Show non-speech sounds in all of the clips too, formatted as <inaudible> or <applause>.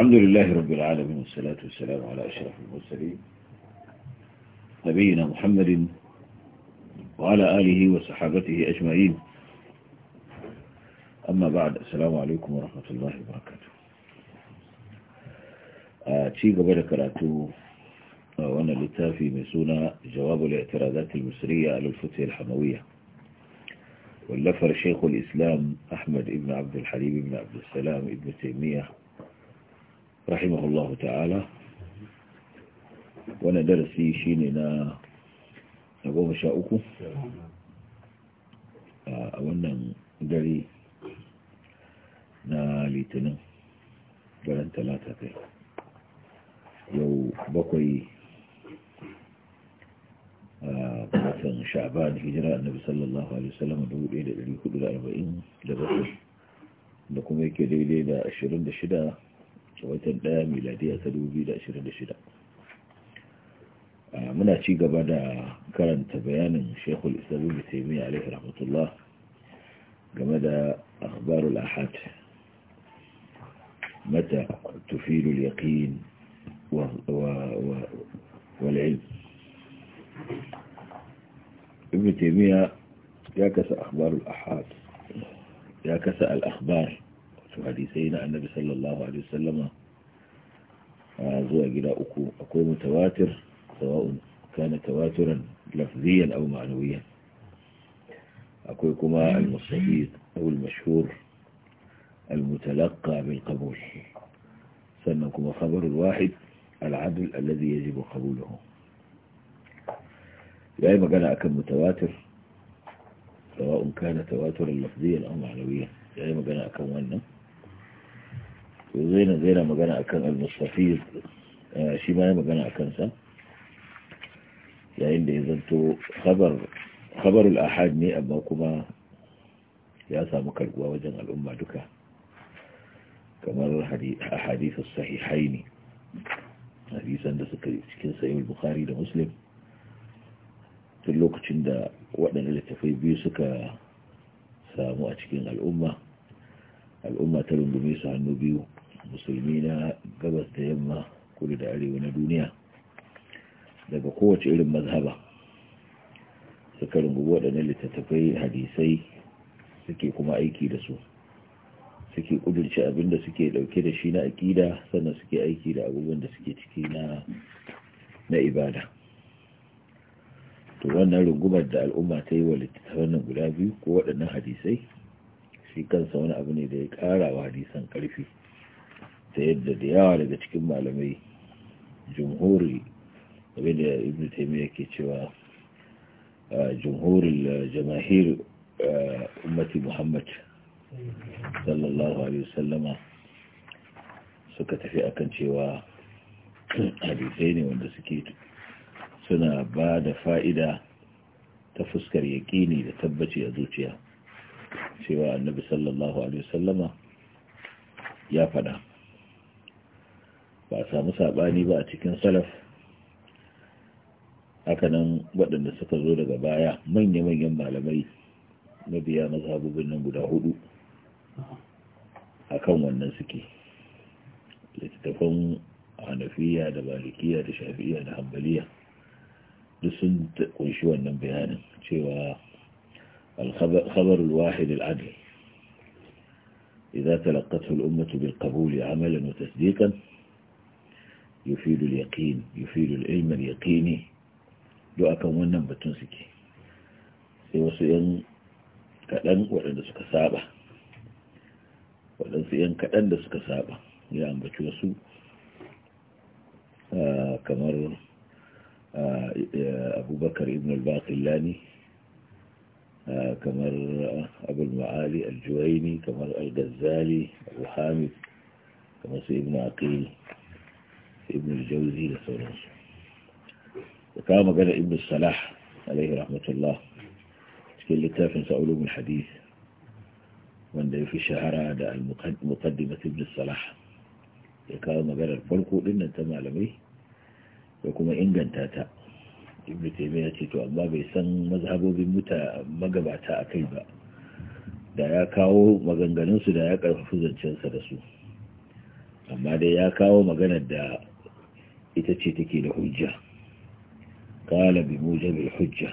الحمد لله رب العالمين والصلاة والسلام على أشرف المرسلين نبينا محمد وعلى آله وصحابته أجمعين أما بعد السلام عليكم ورحمة الله وبركاته أتي آه، قبل كراتو آه، وأنا لتافي مسونا جواب الاعتراضات المصرية على الفتح الحموية واللفر شيخ الإسلام أحمد بن عبد الحليم بن عبد السلام بن تيمية rahimahullahu ta'ala wannan darasi shine na na goma sha uku a wannan dare na litinin garin talata kai yau bakwai a watan sha'ban hijira annabi sallallahu alaihi wasallam 1447 da kuma yake daidai da shida. a watan da miladiya da shida muna ci gaba da karanta bayanin shekul isabin da taimiyya alaihi rahmatullah game da akhbarul ahad متى تفيد اليقين و... و... و... ya kasa akhbarul ahad ya kasa يكس الأخبار wato hadisai na annabi sallallahu alaihi wasallama zuwa gida uku akwai mutawatir sawa'un kana tawaturan lafziyan aw ma'nawiyan akwai kuma al-mustafid aw al-mashhur al-mutalaqqa bil qabul sannan kuma khabar al-wahid al-'adl alladhi yajib qabuluhu yayi magana akan mutawatir sawa'un kana tawaturan lafziyan aw ma'nawiyan yayi magana akan wannan zaina zaina magana akan al-mustafir eh, shi ma ya magana a kansa yayin da ya zanto khabarul ahad ne amma kuma ya samu karbuwa wajen al'umma duka kamar hadisun sahihai ne hadisan da suka cikin sayin bukari da muslim tun lokacin da waɗanda littafai biyu suka samu a cikin al'umma al'umma ta rungume su hannu biyu musulmi na gabas da yamma kudu da arewa na duniya daga kowace irin mazhaba suka rungubu waɗannan littattafai hadisai suke kuma aiki da su suke kudurci abinda suke dauke da shi na aƙida sannan suke aiki da abubuwan da suke ciki na ibada to wannan rungumar da al'umma ta yi wa littattafan guda biyu ko waɗannan hadisai shi kansa wani abu ne da ya ƙara wa hadisan ƙarfi ta yadda da yawa daga cikin malamai jumhuri game da ibn taimiyya ke cewa jumhurin jamahir ummati muhammad sallallahu alaihi wasallama suka tafi akan cewa hadisai ne wanda suke suna ba da fa'ida ta fuskar yaƙini da tabbaci a zuciya cewa annabi sallallahu alaihi wasallama ya faɗa ba a samu sabani ba a cikin salaf haka nan waɗanda suka zo daga baya manya-manyan malamai mabiya mazhabubin nan guda hudu akan wannan suke littattafan hanafiya da malikiya da shafi'iya da hambaliya duk sun kunshi wannan bayanin cewa الخبر الواحد العدل إذا تلقته الأمة بالقبول عملا وتصديقا يفيد اليقين يفيد العلم اليقيني دعاك وانا بتنسكي سيوى سيان كأن وعند سكسابة وعند سيان كأن سكسابة يان بتوسو آه كمر آه أبو بكر ابن الباقلاني آه، كمر آه، أبو المعالي الجويني كمر الغزالي أبو حامد كمر سيدنا عقيل ibn al da sauransu da kawo magana ibn salah alaihi rahmatullah cikin littafin sa'ulun hadith wanda ya fi shahara da al-muqaddimat ibn salah ya kawo maganar farko dinnan ta malamai da kuma inganta ta ibn Taimiyya ce to amma bai san mazhabobin muta magabata akai ba da ya kawo maganganunsu da ya karfafi zancen sa da su amma dai ya kawo maganar da ita ce take da hujja kala bi hujja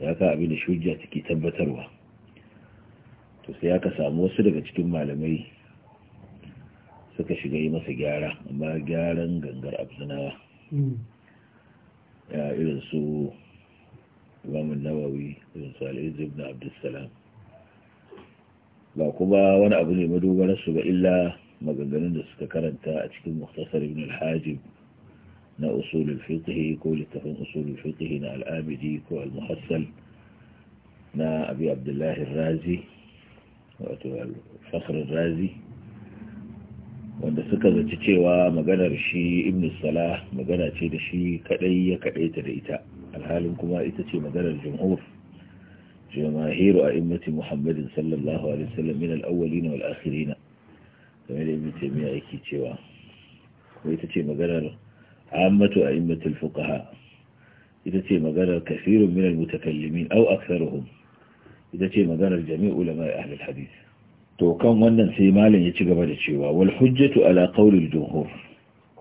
ya ka abin da hujja take tabbatarwa to sai aka samu wasu daga cikin malamai suka shiga yi masa gyara amma gyaran gangar abzinawa hmm. ya irin su imamun nawawi irin su al'izu ibn Abdulsalam? ba kuma wani abu ne madogararsu ba illa maganganun da suka karanta a cikin muhtasar ibn al-hajib na usulul fiqhi ko littafin usulul fiqhi na al'abidi ko al-muhassal na abi abdullahi razi wato al razi wanda suka zaci cewa maganar shi ibn salah magana ce da shi kadai ya kadaita da ita alhalin kuma ita ce maganar jumhur jamahiru a immati muhammadin sallallahu alaihi wasallam min al-awwalin wal akhirin kamar ibn taymiya yake cewa ko ita ce maganar عامة أئمة الفقهاء إذا تيما قال كثير من المتكلمين أو أكثرهم إذا تيما قال الجميع علماء أهل الحديث تو في مال سيمال يتقبل الشيوى والحجة على قول الجمهور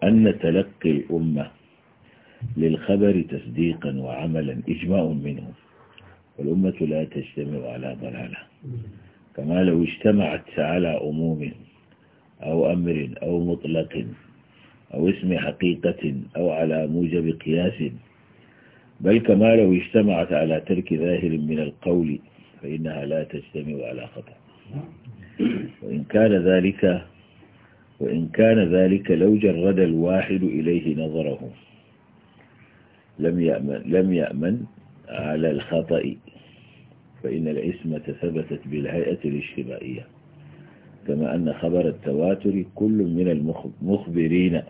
أن تلقي الأمة للخبر تصديقا وعملا إجماع منه والأمة لا تجتمع على ضلالة كما لو اجتمعت على أموم أو أمر أو مطلق أو اسم حقيقة أو على موجب قياس بل كما لو اجتمعت على ترك ظاهر من القول فإنها لا تجتمع على خطأ وإن كان ذلك وإن كان ذلك لو جرد الواحد إليه نظره لم يأمن, لم يأمن على الخطأ فإن العصمة ثبتت بالهيئة الاجتماعية كما أن خبر التواتر كل من المخبرين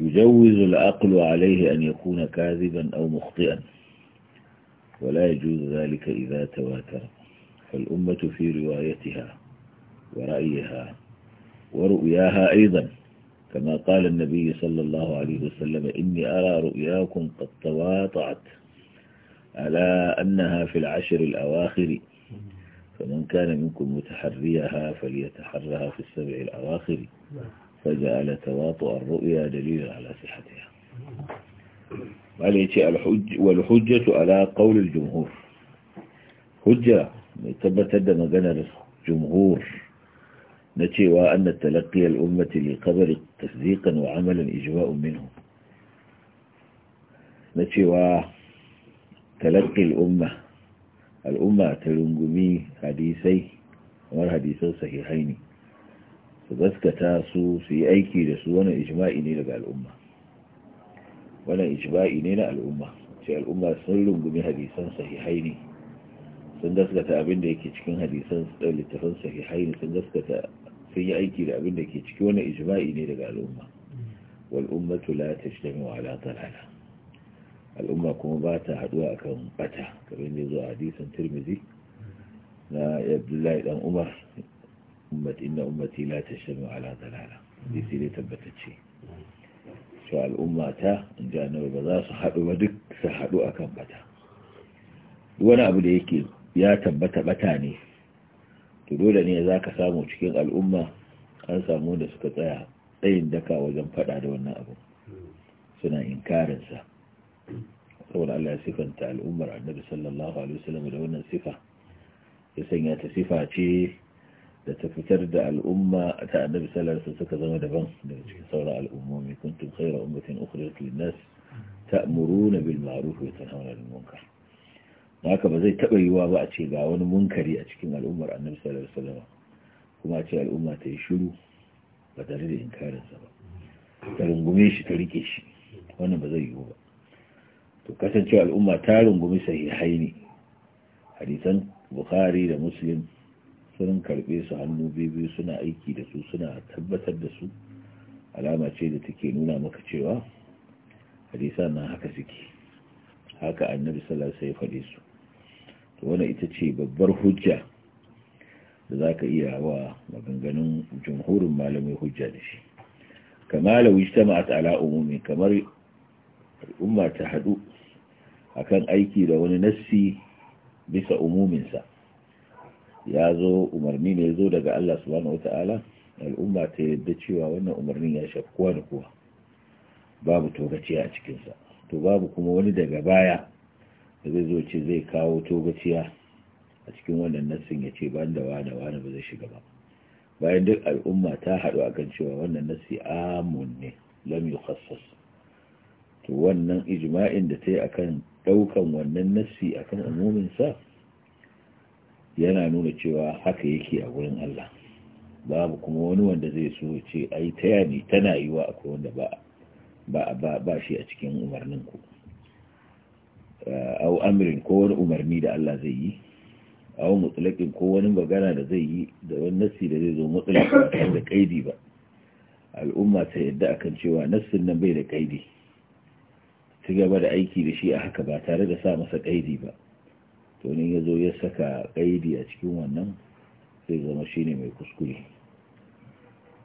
يجوز العقل عليه أن يكون كاذبا أو مخطئا ولا يجوز ذلك إذا تواتر فالأمة في روايتها ورأيها ورؤياها أيضا كما قال النبي صلى الله عليه وسلم إني أرى رؤياكم قد تواطعت على أنها في العشر الأواخر فمن كان منكم متحريها فليتحرها في السبع الأواخر فجعل تواطؤ الرؤيا دليلا على صحتها عليه الحج والحجة على قول الجمهور حجة ما مغنى الجمهور نتي وأن التلقي الأمة للقبر تصديقا وعملا إجواء منه و تلقي الأمة الأمة تلنقمي حديثي ومر حديثي صحيحين su gaskata su su yi aiki da su wani ijma'i ne daga al'umma wani ijma'i ne na al'umma ce al'umma sun rungumi hadisan sahihai ne sun gaskata abin da yake cikin hadisan da littafin sahihai ne sun gaskata sun yi aiki da abin da ke ciki wani ijma'i ne daga al'umma wal ummatu la tajtami'u ala dalala al'umma kuma ba ta haduwa akan bata kamar da zuwa hadisan tirmidhi na abdullahi dan umar ummat inna ummati la tashma ala dalala hadisi ne tabbatacce cewa al'umma ta in ji ba za su haɗu ba duk su haɗu akan bata wani abu da yake ya tabbata bata ne to dole ne za ka samu cikin al'umma an samu da suka tsaya tsayin daka wajen faɗa da wannan abu suna inkarinsa saboda Allah ya sifanta al'ummar annabi sallallahu alaihi wasallam da wannan sifa ya sanya ta sifa ce da ta fitar da al'umma ta annabi sallallahu alaihi suka zama daban daga cikin sauran al'ummomi kuntum khayra ummatin ukhrijat lin-nas ta'muruna bil ma'ruf wa tanhauna 'anil munkar haka ba zai taba yiwa ba a ce ga wani munkari a cikin al'ummar annabi sallallahu alaihi wasallam kuma a ce al'umma ta yi shiru ba tare da inkarin sa ba ta rungume shi ta rike shi wannan ba zai yiwu ba to kasancewa al'umma ta rungumi sahihai ne hadisan bukhari da muslim sunan karbe su hannu biyu suna aiki da su suna tabbatar da su alama ce da take nuna maka cewa hadisa na haka suke haka annabi sallallahu alaihi wasallam faɗe su to wannan ita ce babbar hujja da zaka iya wa maganganun jumhurin malamai hujja da shi kama la wajtama'at ala umumi kamar umma ta hadu akan aiki da wani nassi bisa sa ya zo umarni ne ya zo daga Allah subhanahu ta'ala? al'umma ta yadda cewa wannan umarnin ya shafi kowa da kowa babu togaciya a cikinsa to babu kuma wani daga baya da zai zo ce zai kawo togaciya a cikin wannan nassin ya ce ba da wane wani ba zai shiga ba bayan duk al'umma ta haɗu a kan cewa wannan nassi amun ne lam yukhassas to wannan ijma'in da ta yi akan ɗaukan wannan nassi akan umumin sa yana nuna cewa haka yake a wurin Allah babu kuma wani wanda zai so ce ai ta yani tana wa akwai wanda ba ba ba shi a cikin umarnin ku au amrin ko wani umarni da Allah zai yi au mutsalakin ko wani magana da zai yi da wani nasi da zai zo mutlaq ba da kaidi ba al'umma ta yadda akan cewa nassin nan bai da kaidi ci gaba da aiki da shi a haka ba tare da sa masa kaidi ba to ne ya zo ya saka ƙaidi a cikin wannan zai zama shi ne mai kuskure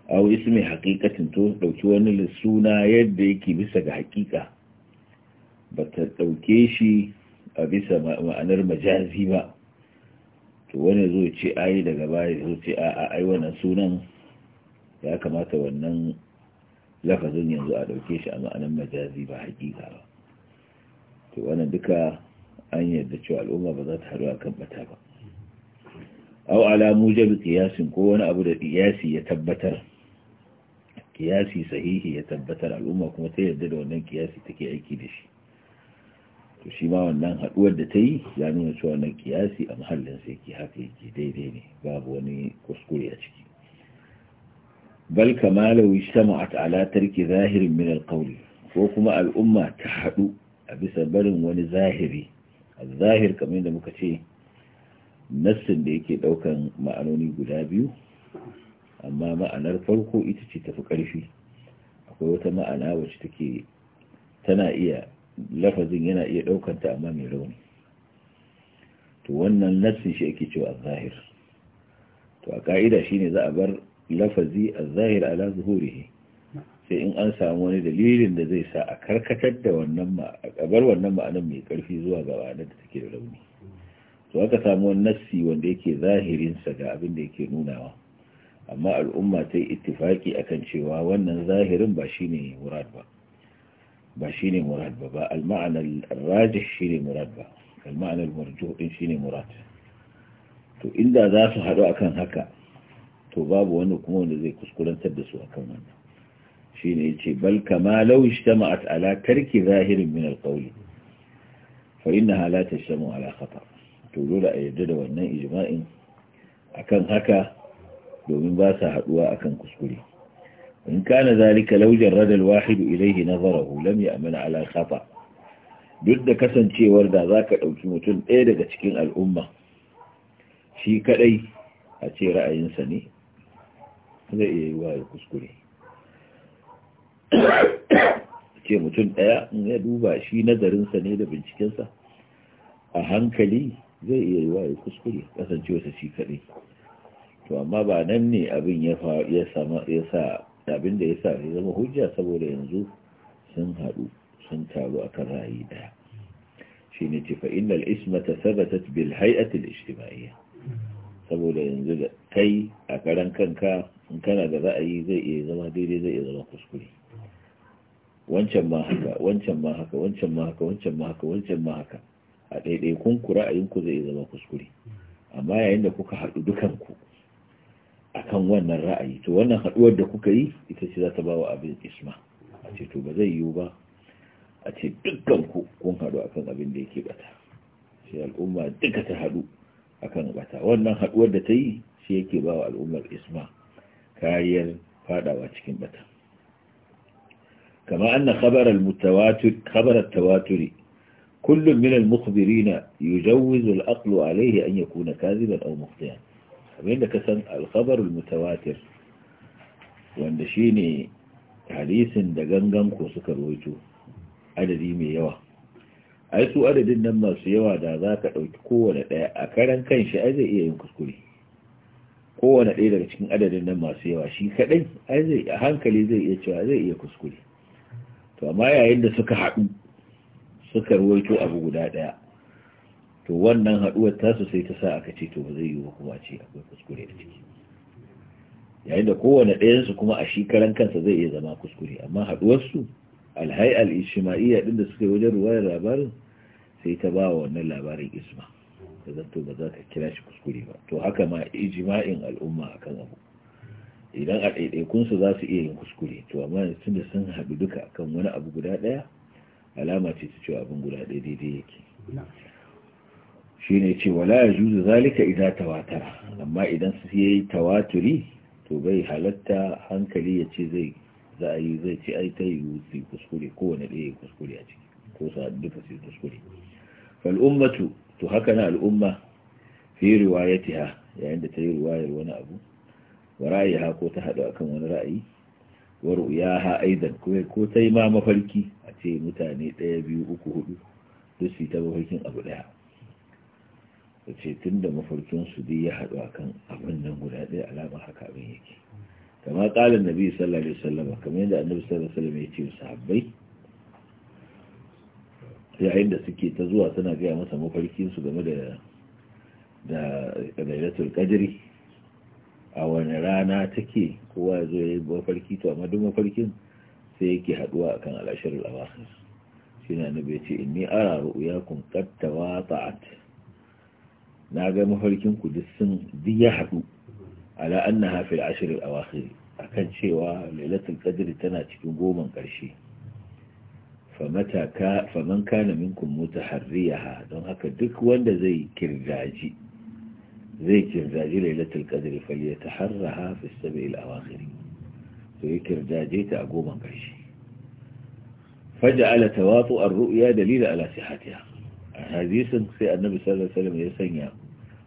A su mai haƙiƙatin to ɗauki wani suna yadda yake bisa ga haƙiƙa ba ta ɗauke shi a bisa ma'anar majazi ba to wani zo ce ayi daga baya zo ce a ai wannan sunan ya kamata wannan lafazin yanzu a ɗauke shi a ma'anar majazi ba haƙiƙa ba to wannan duka an yadda cewa al'umma ba za ta haɗu a kan bata ba au ala jabi kiyasin ko wani abu da kiyasi ya tabbatar kiyasi sahihi ya tabbatar al'umma kuma ta yarda da wannan kiyasi take aiki da shi to shi ma wannan haɗuwar da ta yi ya nuna cewa wannan kiyasi a muhallin sai ke haka yake daidai ne babu wani kuskure a ciki bal kamalau ijtama'at ala tarki zahirin min alqawl ko kuma al'umma ta hadu a bisa barin wani zahiri zahir kamar da muka ce nassin da yake daukan ma'anoni guda biyu amma ma'anar farko ita ce tafi karfi akwai wata ma'ana wacce take tana iya lafazin yana iya ɗaukanta amma mai rauni to wannan nassin shi ake cewa zahir to a ka'ida shine za a bar lafazi a zahir ala zuhurihi sai in an samu wani dalilin da zai sa a karkatar da wannan ma a kabar wannan ma'anar mai karfi zuwa ga ma'anar da ke da rauni to aka samu wani nassi wanda yake zahirin sa ga abin da yake nunawa amma al'umma ta yi ittifaki akan cewa wannan zahirin ba shine murad ba ba shine murad ba ba al-ma'ana al-rajih shine murad ba al-ma'ana al-marjuh din shine murad to inda za su haɗu akan haka to babu wani kuma wanda zai kuskurantar da su akan wannan shi ne ce bal kama lau ijtama'at ala tarki zahirin min alqawli fa innaha la tajtamu ala to dole a yarda da wannan ijma'in akan haka domin ba sa haduwa akan kuskure in kana zalika law jarrada alwahid ilayhi nazarahu lam a ala khata duk da kasancewar da zaka ɗauki mutum ɗaya daga cikin al'umma shi kadai a ce ra'ayinsa ne zai iya yi wa kuskure ce mutum ɗaya in ya duba shi nazarinsa ne da bincikensa a hankali zai iya yi ya kuskure kasancewarsa shi kaɗai to amma ba nan ne abin ya sa abin da ya sa ya zama hujja saboda yanzu sun haɗu sun taru a kan ra'ayi ɗaya shi ne ce fa'inal ismata sabatat bil da ijtima'iyya saboda yanzu da kai a karan kanka in kana da ra'ayi zai iya zama daidai zai iya zama kuskure wancan ma haka wancan ma haka wancan ma haka wancan ma haka wancan ma haka a ɗaiɗaikun ku ra'ayinku zai zama kuskure amma yayin da kuka haɗu dukanku akan wannan ra'ayi to wannan haɗuwar da kuka yi ita ce za ta ba wa abin isma a ce to ba zai yiwu ba a ce dukkanku kun haɗu akan abin da yake bata sai al'umma duka ta haɗu akan bata wannan haɗuwar da ta yi shi yake ba wa al'ummar isma kariyar faɗawa cikin bata كما أن خبر المتواتر خبر التواتر كل من المخبرين يجوز الأقل عليه أن يكون كاذبا أو مخطئا عندك الخبر المتواتر وأن شيني حديث دقنقم كوسك رويتو عددي ميوا أي سوء عدد نما سيوا دا ذاك أتكون أكرا كان شأذي إيه ينكسكولي kowane ɗaya daga cikin adadin nan masu yawa shi kaɗai a hankali zai iya cewa zai iya kuskure to amma yayin da suka haɗu suka ruwaito abu guda ɗaya to wannan haɗuwar tasu sai ta sa aka ce to ba zai yi wa kuma ce akwai kuskure da ciki yayin da kowane ɗayansu kuma a shekaran kansa zai iya zama kuskure amma haɗuwarsu alhai al'ishima'iyya ɗin da suka yi wajen ruwayar labarin sai ta ba wannan labarin isma kaza zato ba za ka kira shi kuskure ba to haka ma ijima'in al'umma akan abu idan a ɗaiɗaikunsu za su iya yin kuskure to amma tunda sun haɗu duka akan wani abu guda ɗaya alama ce ta cewa abin guda ɗaya daidai yake shi ne ce wala ya juzu zalika idan tawatara amma idan su yi tawaturi to bai halatta hankali ya ce zai za a yi zai ce ai ta yi su kuskure kowane ɗaya ya kuskure a ciki ko su duka su kuskure fal'ummatu to haka na al'umma fi riwayatiha yayin da ta yi riwayar wani abu wa ra'ayiha ko ta hadu akan wani ra'ayi wa ru'yaha aidan kuma ko ta ma mafarki a ce mutane ɗaya biyu uku hudu duk su ta mafarkin abu ɗaya ta ce tun da mafarkin su dai ya hadu akan abin nan guda ɗaya alama haka abin yake kama ƙalin nabi sallallahu alaihi wasallam kamar yadda annabi sallallahu alaihi wasallam ya ce sahabbai yayin da suke ta zuwa tana gaya masa mafarkin su game da da lailatul qadri a wani rana take kowa ya zo ya yi mafarki to amma duk mafarkin sai yake haduwa akan alashar al'awakir shi na nabi ce inni ara ru'uya kun kattawa ta'at na ga mafarkin ku duk sun duk ya haɗu ala na hafi alashar a akan cewa lailatul kadiri tana cikin goman ƙarshe faman kana minkum mutaharriyaha don haka duk wanda zai kirgaji ذكر جاجي ليلة القدر فليتحرها في السبع الأواخر ذكر جاجي تأقوما قريش فجعل تواطؤ الرؤيا دليل على صحتها هذه سنقصي النبي صلى الله عليه وسلم يسنيا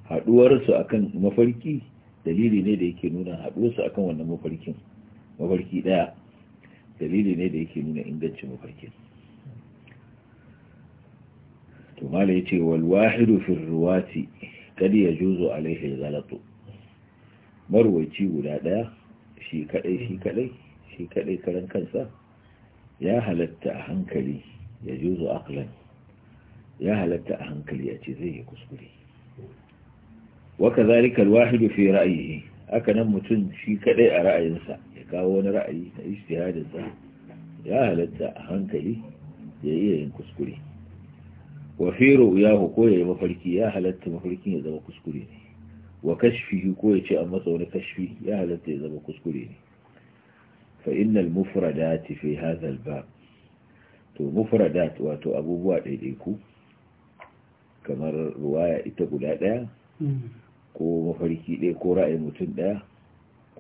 هدو ورسو أكن مفلكي دليل نيدي كنونا هدو ورسو أكن وانا مفلكي مفلكي لا دليل نيدي كنونا إنجنش مفلكي تماليتي عليك والواحد في الرواتي kadi ya juzo alaihi galatu marwaci guda daya shi kadai shi kadai shi kadai karan kansa ya halatta a hankali ya juzo aklan ya halatta a hankali ya ce zai yi kuskure waka zalika alwahidu fi ra'ayihi haka nan mutum shi kadai a ra'ayinsa ya kawo wani ra'ayi na ijtihadinsa ya halatta a hankali ya iya yin kuskure wa fi ru'yahu ko yayi mafarki ya halatta mafarkin ya zama kuskure ne wa kashfihi ko ya ce an matsa wani kashfi ya halatta ya zama kuskure ne fa innal mufradati fi hadha al-bab to mufradat wato abubuwa ku kamar ruwaya ita guda daya ko mafarki ɗaya ko ra'ayin mutum daya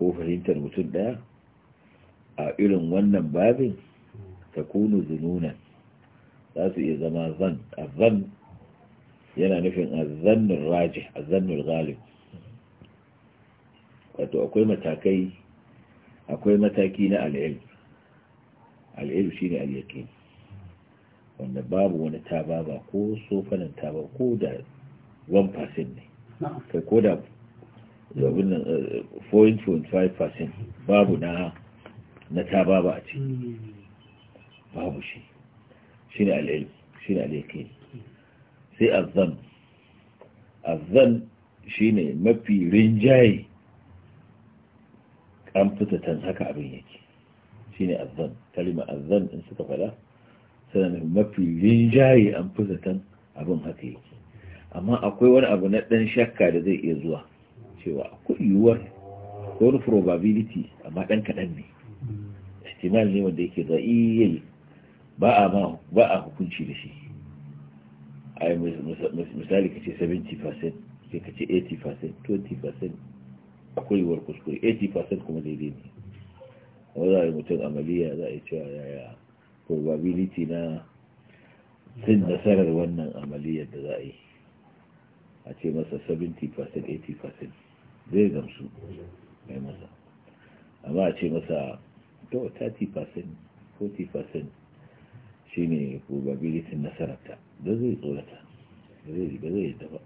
ko fahimtar mutum daya a irin wannan babin ta kunu zununan za su iya zama zan azan yana nufin azannul rajih azannul galib wato akwai matakai akwai mataki na al'ilm al'ilm shi ne yaqin wanda babu wani taba ba ko sofanin taba ko da 1% ne kai ko da zabin nan 4.5% eh, babu na taba ba a ce hmm. babu shi shine al-ilm shine al-yaqin sai azzan azzan mafi rinjaye an fita haka abin yake shine azzan kalima azzan in suka fada sanan mafi rinjaye an fita abin haka yake amma akwai wani abu na ɗan shakka da zai iya zuwa cewa akwai yiwuwar wani probability amma dan kaɗan ne ihtimal ne wanda yake za'iyyai ba a ma ba a hukunci da shi ai misali kace 70% sai kace 80% 20% akwai war kuskure 80% kuma daidai ne wanda za a yi mutum amaliya za a yi cewa yaya probability na cin nasarar wannan amaliyar da za a yi a ce masa 70% 80% zai gamsu mai masa amma a ce masa to 30% 40% شيني وبابيلي في النسرة بذي قولتها بذي بذي الدفع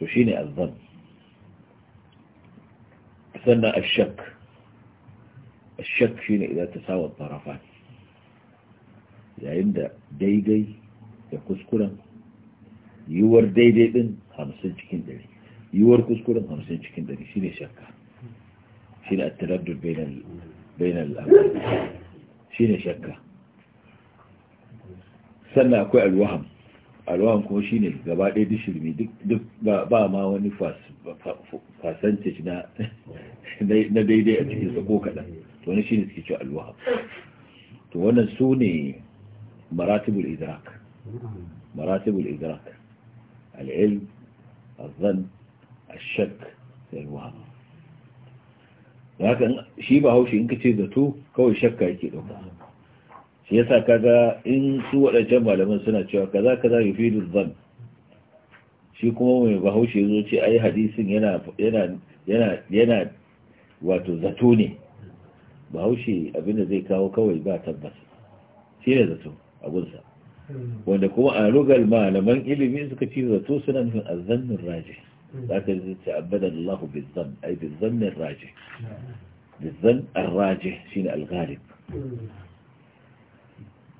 تشيني الظن ثنى الشك الشك شيني إذا تساوى الطرفان إذا عند داي داي يقص كلا يور داي داي بن خمسين جكين داي يور قص كلا خمسين جكين داي شيني شك شيني التردد بين ال... بين الأمر shine shakka sannan akwai alwaham alwaham kuma shine gaba ɗaya duk shirme duk ba ma wani fasanci na daidai a cikin sa ko kaɗan to wani shine suke cewa alwaham to wannan su ne maratibul idrak maratibul idrak al'ilm الظن الشك الوهم haka shi ba haushi in ka ce zato kawai shakka yake ɗauka shi yasa kaga in su waɗancan malaman suna cewa kaza kaza yufidu zan shi kuma mai bahaushe zo ce ai hadisin yana yana wato zato ne bahaushe abinda zai kawo kawai ba tabbas shi ne zato a hmm. wanda kuma a rugal malaman ilimi suka ci zato suna nufin azannin rajin لكن تعبدنا الله بالظن أي بالظن الراجح نعم. بالظن الراجح شين الغالب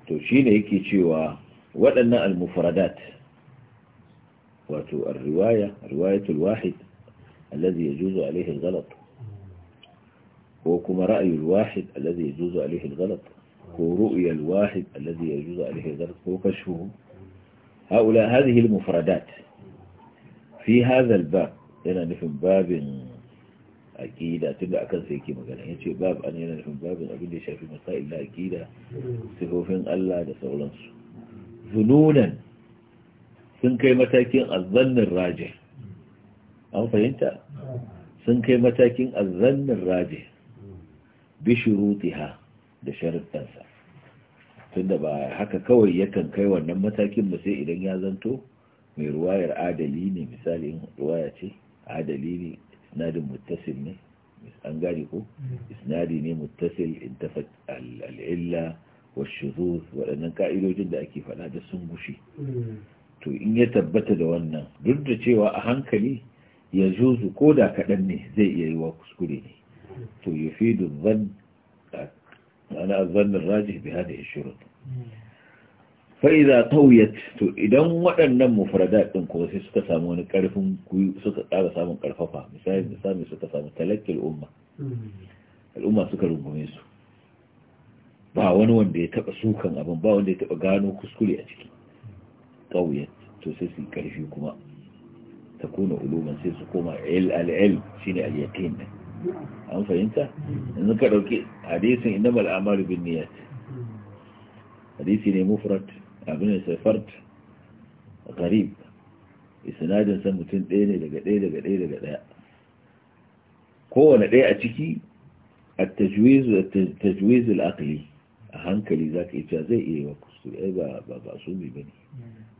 تو توشين هيكي شيوا ولنا المفردات الروايه رواية الواحد الذي يجوز عليه الغلط وكما رأي الواحد الذي يجوز عليه الغلط ورؤيا الواحد الذي يجوز عليه الغلط وكشفه هؤلاء هذه المفردات fi hazal ba yana nufin babin aƙida tunda akan sai yake magana yace bab an yana nufin babin abin da shafi masail da aƙida sifofin Allah da sauransu zununan sun kai matakin azannin raje an fahimta sun kai matakin azannin raje bi shurutiha da sharuɗansa tunda ba haka kawai yakan kai wannan matakin ba sai idan ya zanto mai ruwayar adali ne misali in ruwaya ce adali ne isnadin muttasil ne an gari ko mm. isnadi ne muttasil in al'illa wa shuzuz waɗannan ka'idojin da ake faɗa da sun gushe mm. to in ya tabbata da wannan duk da cewa a hankali ya zuzu ko da kaɗan ne zai iya yi wa kuskure ne mm. to ya fi dubban ana zannin rajih bi ya shirin fa'iza tauyat to idan waɗannan mufradat ɗin kuma sai suka samu wani ƙarfin suka ƙara samun ƙarfafa misali misali suka samu talakkil umma mm-hmm. al'umma suka rungume su ba wani wanda ya taɓa sukan abin ba wanda ya taɓa gano kuskure a ciki ƙauyat to sai su ƙarfi kuma ta kuna uluman sai su koma ll shi ne al'yakin ɗin an fahimta mm-hmm. yanzu ka ɗauki hadisin inda mal'amari bin niyat mm-hmm. hadisi ne mufrat abin safart gharib isnadin san mutum ɗaya ne daga ɗaya daga ɗaya daga ɗaya kowane ɗaya a ciki a التجويز a hankali za ka ita zai iya wa kuskure ba ba ba su bi bane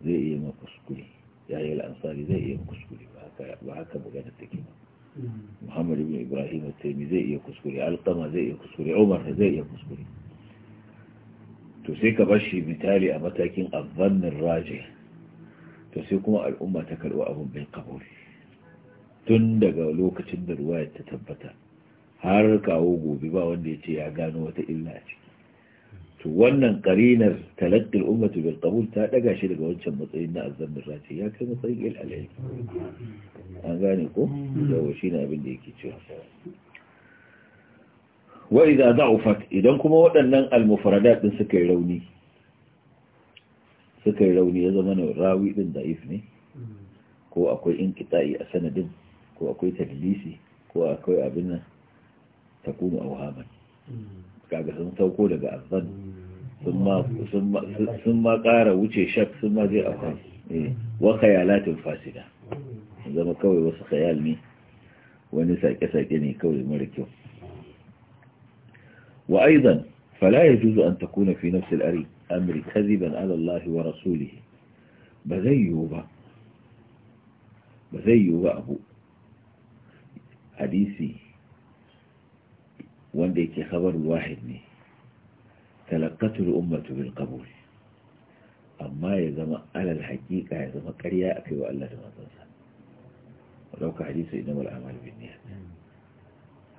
zai iya wa kuskure ya yi al'ansari zai iya kuskure ba haka magana take ba mm. muhammad ibn ibrahim taimi zai iya kuskure alkama zai iya kuskure umar zai iya kuskure to sai ka bashi misali a matakin azannin raje to sai kuma al'umma ta karɓi abin bil qabul tun daga lokacin da ya ta tabbata har kawo gobe ba wanda ya ce ya gano wata illa ce to wannan karinar talaqqil ummatu bil qabul ta daga shi daga wancan matsayin na azannin raje ya kai matsayin il alai an gane ko da mm. shi ne abin da yake cewa wa idza da'ufat idan kuma waɗannan al-mufradat din suka yi rauni suka yi rauni ya zama na rawi din da'if ne ko akwai inqita'i a sanadin ko akwai tadlisi ko akwai abin nan a awhaman kaga sun sauko daga azan sun ma ƙara wuce shak sun ma zai akwai eh, wa khayalatin fasida zama kawai wasu khayal ne wani sake-sake ne kawai mara kyau وأيضا فلا يجوز أن تكون في نفس الأمر كذبا على الله ورسوله بذيوبة بذيوبة أبو حديثي وانديك خبر واحد مني تلقته الأمة بالقبول أما يزم على الحقيقة يزم كرياء في وألا تنظر ولو كحديث إنما الأعمال بالنيات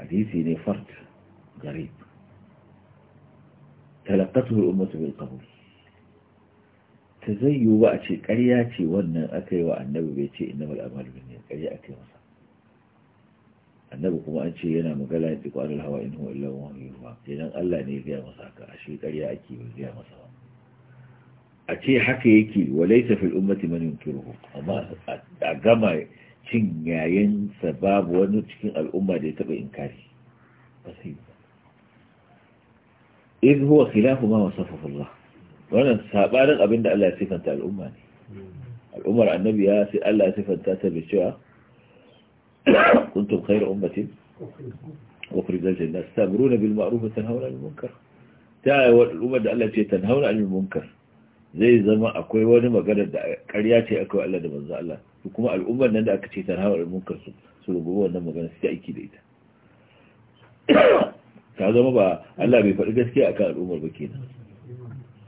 حديثي نفرت غريب talaqatu al-ummatu bil qabul ta zai yiwu ba a ce ƙarya ce wannan aka yi annabi bai ce innamal amalu bin ƙarya aka yi masa annabi kuma an ce yana magana ya tsiku alal hawa in huwa illa wahyu yuha kenan Allah ne ya gaya masa haka a shi ƙarya ake bai gaya masa ba a ce haka yake walaysa fil ummati man yunkiruhu amma a gama cin yayin sa babu wani cikin al'umma da ya taɓa inkari ba sai ba إذ هو خلاف ما وصفه الله وأنا سابقا أبن دع الله سفنت الأمة الأمر عن النبي قال الله سفنت تبشوها <coughs> كنتم خير أمة وخرج الناس تأمرون بالمعروف تنهون عن المنكر الأمة دع الله تنهون عن المنكر زي زمان أكوي ونما ما قدر كرياتي أكوي ألا دمزع الله وكما الأمة نندا أكتي تنهون عن المنكر سلوبوه وانا ما قدر سيأيكي ديتا <coughs> ta zama ba Allah bai faɗi gaskiya akan al'ummar ba kenan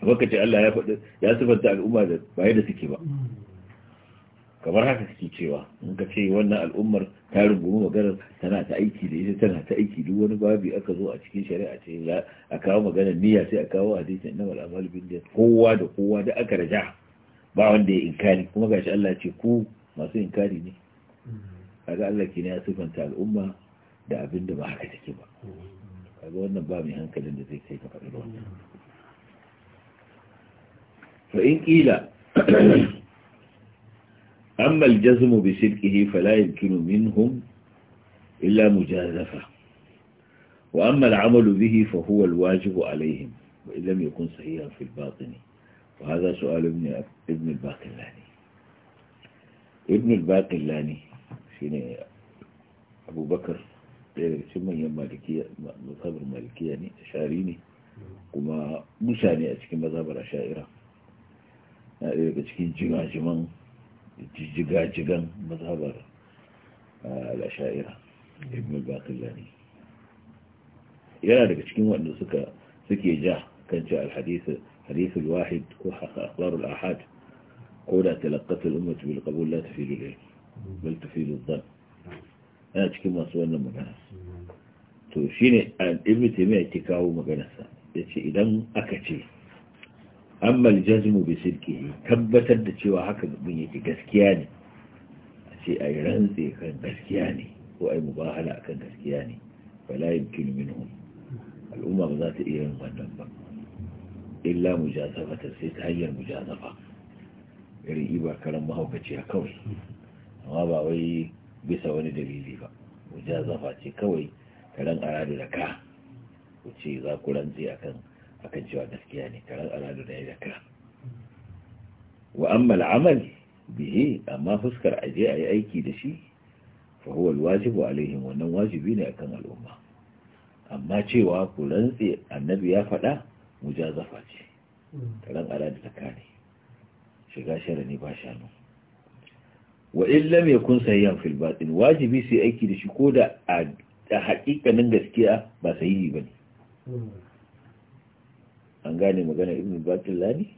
baka ce Allah ya faɗi ya sifanta al'umma da baya da suke ba kamar haka suke cewa in ka ce wannan al'ummar ta rungumi maganar tana ta aiki da ita tana ta aiki duk wani babi aka zo a cikin shari'a ce a kawo maganar niyya sai a kawo hadisi na al'amal bin da kowa da kowa da aka raja ba wanda ya inkari kuma gashi Allah ce ku masu inkari ne kaga Allah ke ne ya sifanta al'umma da abin da ba haka take ba أبونا بامي هنك لنجزيك سيكا فإلوان فإن قيل <coughs> أما الجزم بسلكه فلا يمكن منهم إلا مجازفة وأما العمل به فهو الواجب عليهم وإن لم يكن صحيحا في الباطن وهذا سؤال ابن ابن الباقلاني ابن الباقلاني شنو أبو بكر يسمي إيه، مالكية مذهب المالكية يعني أشعريني وما بساني أشكي مذهب الأشائرة يعني أشكي جمع جمع جيجا جيجا مذهب آه، الأشائرة ابن الباقلاني يعني. يا لك أشكي وأنه سكا سكي جاء كان جاء الحديث حديث الواحد وحق أخبار الأحد قولا تلقت الأمة بالقبول لا تفيد العلم بل تفيد الظن yana cikin masu wannan magana to shine ibn mai ke kawo maganarsa yace idan aka ce amma aljazmu bi sidqihi tabbatar da cewa haka mun yake gaskiya ne a ce ai rantsi kan gaskiya ne ko ai mubahala akan gaskiya ne wala yumkinu minhum al'umma ba za ta iya yin wannan ba illa mujazafa ta sai ta hanyar mujazafa irin iba karan mahaukaciya kawai amma ba wai bisa wani dalili ba mujazafa ce kawai karen aradu da ka wuce za ku rantse akan kan cewa gaskiya ne karen aradu da ya da ka wa an mal'amal bihe amma fuskar aje a yi aiki da shi fahowar wajibu alwajibu alaihim wannan wajibi ne akan al'umma amma cewa ku rantse annabi ya faɗa mujazafa ce hmm. karen aradu da ka ne shiga shara ne ba shanu wa illam yakun sahihan fil batin wajibi sai aiki da shi ko da a hakikanin gaskiya ba sahihi bane an gane magana ibn batin lani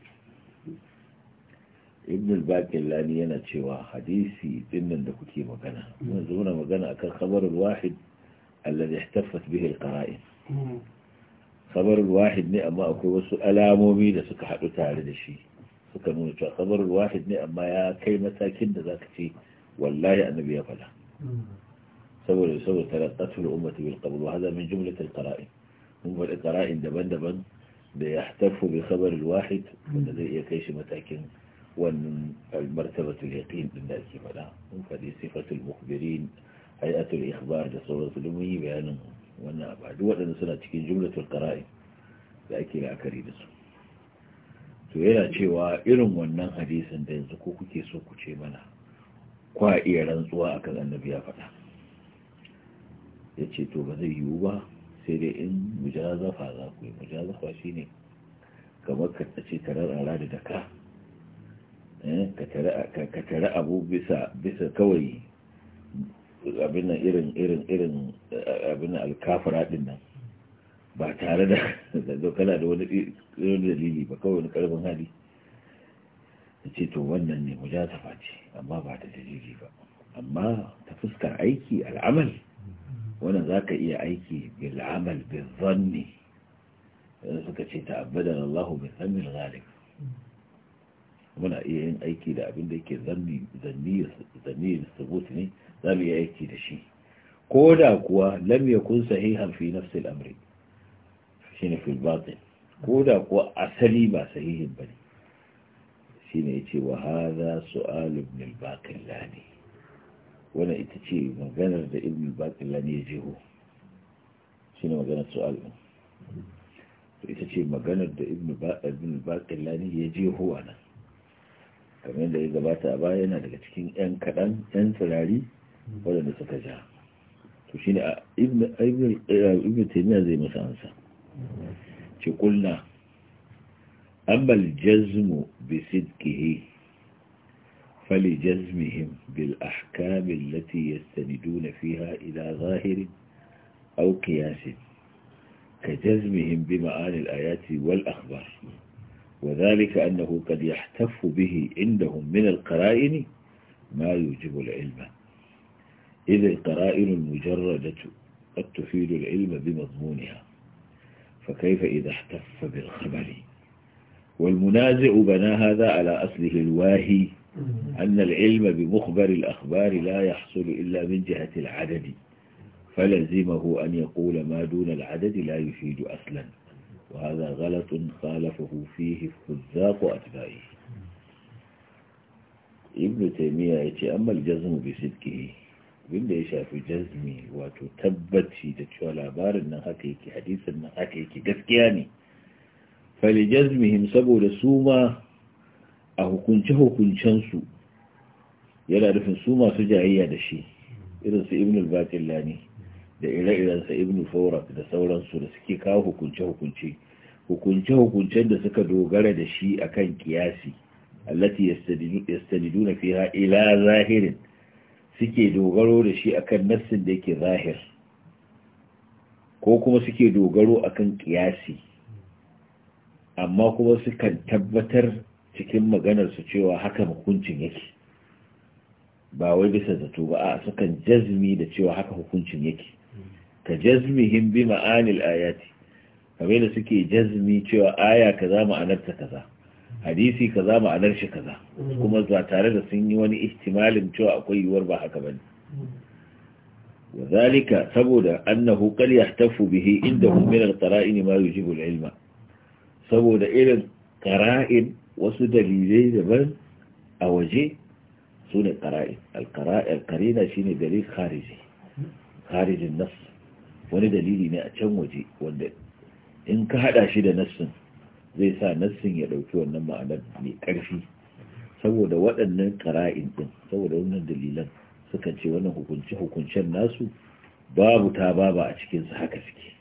ibn bakin lani yana cewa hadisi dinnan da kuke magana mun zuna magana akan khabarul wahid alladhi ihtaffat bihi alqara'in khabarul wahid ne amma akwai wasu alamomi da suka hadu tare da shi suka nuna cewa khabarul wahid ne amma ya kai matakin da zaka ce wallahi annabi ya fada saboda saboda talaqqatul ummati bil qabul wa hada min jumlat al qara'in mun faɗi qara'in daban-daban da ya hatafu bi khabar al wahid wanda zai iya kai shi matakin wannan al martabatu al yaqin din da ake fada mun faɗi sifatul mukhbirin hay'atul ikhbar da sauransu da mun yi bayanin wannan abu duk waɗanda suna cikin jumlatul qara'in da ake la'akari da su to yana cewa irin wannan hadisin da yanzu ko kuke so ku ce mana kwa iya rantsuwa akan annabi ya faɗa ya ce to ba zai yiwu ba sai dai in mujazafa za ku yi mujazafa shi ne kamar ka eh, tare a ara da daka ka tare abu bisa bisa kawai abin irin irin irin eh, abin alkafara din nan ba tare da kana da wani غير دليلي بكون هذه نسيت وانا اني مجازفاتي اما بعد دليلي بقى. اما تفسكر ايكي العمل وانا ذاك ايه ايكي بالعمل بالظن ذاك شيء تعبدنا الله بالذنب الغالب وانا ايه ايكي لابن ديكي ظني ظني ظني الثبوتني ذاك ايه ايكي لشي كودا كوا لم يكن صحيحا في نفس الامر في الباطن ko da kuwa asali ba sahihin ba ne shi ne ce wa haza su'al ibn al-baqillani wanda ita ce maganar da ibn al-baqillani ya jeho shi ne maganar su'al ita ce maganar da ibn al-baqillani ya jeho a nan kamar da ya gabata a baya yana daga cikin 'yan kaɗan 'yan tsirari waɗanda suka ja to shi ne a ibn taimiyya zai masa ansa قلنا أما الجزم بصدقه فلجزمهم بالأحكام التي يستندون فيها إلى ظاهر أو قياس كجزمهم بمعاني الآيات والأخبار وذلك أنه قد يحتف به عندهم من القرائن ما يوجب العلم إذ القرائن المجردة قد تفيد العلم بمضمونها فكيف إذا احتف بالخبر والمنازع بنى هذا على أصله الواهي أن العلم بمخبر الأخبار لا يحصل إلا من جهة العدد فلزمه أن يقول ما دون العدد لا يفيد أصلا وهذا غلط خالفه فيه الخزاق أتباعه ابن تيمية أما الجزم بصدقه abinda ya shafi jazmi wato tabbaci da cewa labarin nan haka yake hadisin nan haka yake gaskiya ne fali jazmihim saboda su ma a hukunce-hukuncensu yana nufin su masu jayayya da shi irinsu ibn al ne da ire-irensa ibn faurak da sauransu da suke kawo hukunce-hukunce hukunce-hukuncen da suka dogara da shi akan kiyasi allati na fiha ila zahirin suke dogaro da shi akan nassin da yake zahir ko kuma suke dogaro akan kiyasi amma kuma sukan tabbatar cikin maganar su cewa haka hukuncin yake ba wai bisa zato ba a sukan jazmi da cewa haka hukuncin yake ka jazmihim bi ma'anil ayati kamar da suke jazmi cewa aya kaza ma'anarta kaza hadisi kaza ma'anar shi kaza kuma zuwa tare da sun yi wani ihtimalin cewa akwai yiwuwar ba haka bane wa zalika saboda annahu qal yahtafu bihi inda hum min al-qara'in ma yujibu al-ilma saboda irin qara'in wasu dalilai daban a waje su ne qara'in al-qara'i al-qarina shine dalil khariji kharijin nas wani dalili ne a can waje wanda in ka hada shi da nassin zai sa nassin ya ɗauki wannan ma'anar mai ƙarfi saboda waɗannan ƙara'in ɗin saboda wannan dalilan suka ce wannan hukunce hukuncen nasu babu ta baba a cikinsu haka suke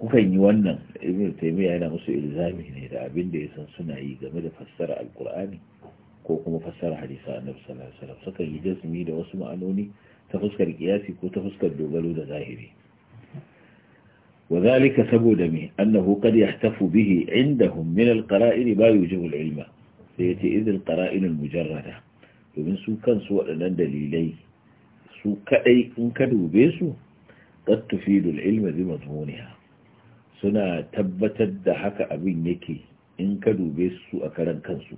kukan yi wannan ibn taymiya yana musu ilzami ne da abin da ya san suna yi game da fassara alkur'ani ko kuma fassara hadisa annabi sallallahu alaihi sukan yi jasmi da wasu ma'anoni ta fuskar kiyasi ko ta fuskar dogaro da zahiri وذلك سبودمي أنه قد يحتف به عندهم من القرائن ما يوجب العلم سيأتي إذ القرائن المجردة ومن سو كان سوء لنا دليلي سو كأي انكدوا بيسو قد تفيد العلم بمضمونها سنا تبتد حك أبين يكي انكدوا بيسو أكران كنسو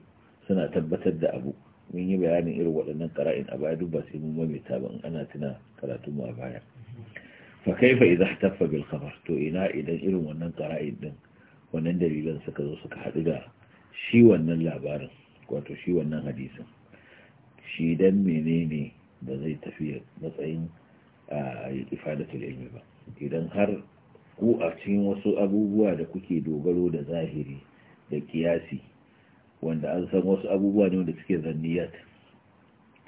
سنا تبتد أبو من يبعاني إروا لنا قرائن أبعدوا بس مميتا وأن أنا تنا قراتوا ما fa kaifa idan ihtaffa bil khabar to ina idan irin wannan qara'id din wannan dalilan suka zo suka hadu da shi wannan labarin wato shi wannan hadisin shi dan menene ba zai tafi matsayin ifadatul ilmi ba idan har ku a cikin wasu abubuwa da kuke dogaro da zahiri da kiyasi wanda an san wasu abubuwa ne wanda suke zanniyat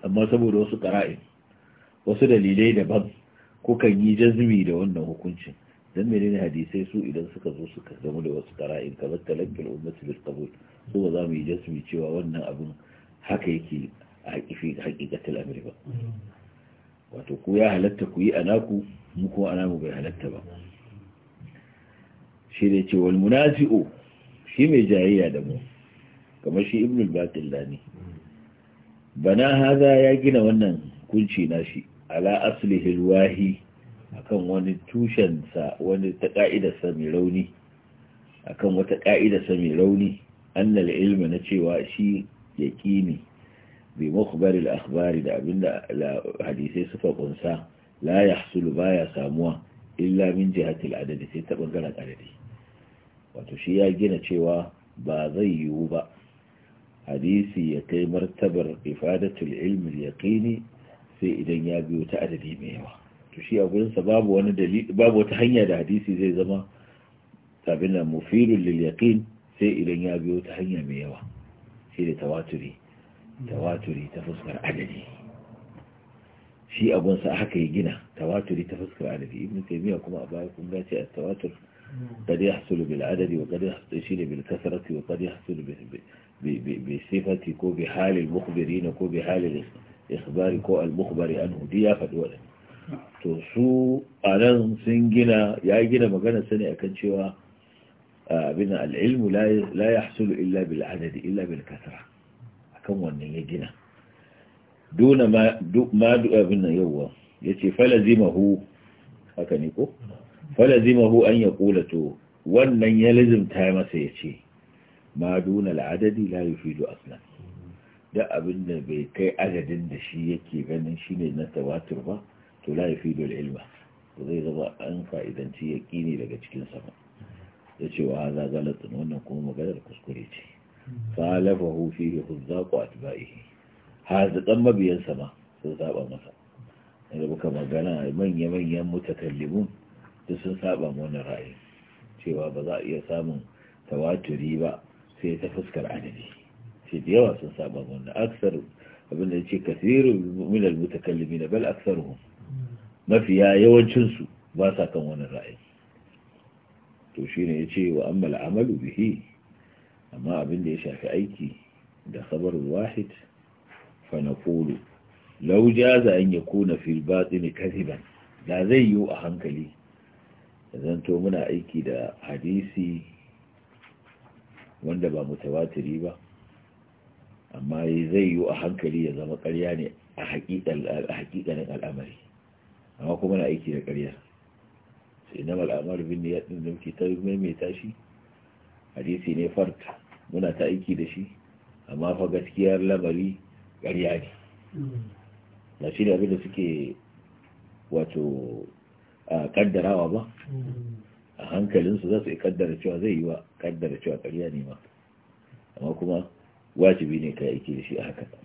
amma saboda wasu ƙara'in wasu dalilai daban kukan yi jazmi da wannan hukuncin dan menene hadisai su idan suka zo suka zama da wasu qara'in kamar talaqqul ummati bil qabul so ba za mu yi jazmi cewa wannan abin haka yake a kifi haqiqatul amri ba wato ku ya halatta ku yi anaku mu ko mu bai halatta ba shi ne ce wal munazi'u shi mai jayayya da mu kamar shi ibnul baqillani bana hada ya gina wannan kunci nashi ala asli wahi akan wani tushensa wani ta ka'idarsa mai rauni akan wata mai rauni annal ilma na cewa shi yaqini bi mukhbar al akhbari da abinda hadisai suka kunsa la yahsulu baya samuwa illa min jihati al adadi sai ta bangaren adadi wato shi ya gina cewa ba zai yiwu ba hadisi ya kai martabar ifadatul ilmi al yaqini sai idan ya biyo ta adadi mai yawa to shi a gurinsa babu wani dalili babu wata hanya da hadisi zai zama tabin da mufirul lil yaqin sai idan ya biyo ta hanya mai yawa shi da tawaturi tawaturi ta fuskar adadi shi abunsa haka ya gina tawaturi ta fuskar adadi ibn taymiya kuma a baya kun gace a tawatur قد يحصل بالعدد وقد يحصل بالكثرة وقد يحصل بصفة كو بحال المخبرين وكو بحال إخباري كو المخبري أنه ديا فدولة تسو أنا سنجنا يا جنا مجانا سنة أكنشوا آه، بنا العلم لا لا يحصل إلا بالعدد إلا بالكثرة كم ونيجي جنا دون ما دو ما دو أبنا آه، يوا يتي فلزمه أكنيكو فلزمه أن يقول تو ومن يلزم تامة سيتي ما دون العدد لا يفيد أصلاً da abin da bai kai adadin da shi yake ganin shi ne na tawatur ba to la yafi dole ilma to zai zama an fa'idanci ne daga cikin sama. ya ce wa haza wannan kuma maganar kuskure ce salafahu fihi huzzaqu atba'ihi hazikan mabiyan sama sun saba masa da muka magana manya-manyan mutakallimun duk sun saba mana ra'ayi cewa ba za a iya samun tawaturi ba sai ta fuskar adadi ce da yawa sun saba wannan aksar abin da yace kasiru min na bal aktharuhum mafiya yawancin su ba sa kan wani ra'ayi to ya ce wa amma Amalu bihi amma abin da ya shafi aiki da sabar wahid fanafolo lauja law ko na yakuna fil batin kadhiban da zai yi a hankali zanto muna aiki da hadisi wanda ba mutawatiri ba amma zai yi a hankali ya zama ƙarya ne a haƙiƙanin al'amari amma kuma na aiki da ƙarya sai na al'amari bin ya ɗin da muke ta maimaita shi hadisi ne fart muna ta aiki da shi amma fa gaskiyar lamari ƙarya ne na shi ne abinda suke wato a kaddarawa ba a hankalinsu za su yi kaddara cewa zai yi wa kaddara cewa ƙarya ne ma amma kuma واجبين كأيكي لشيء هكذا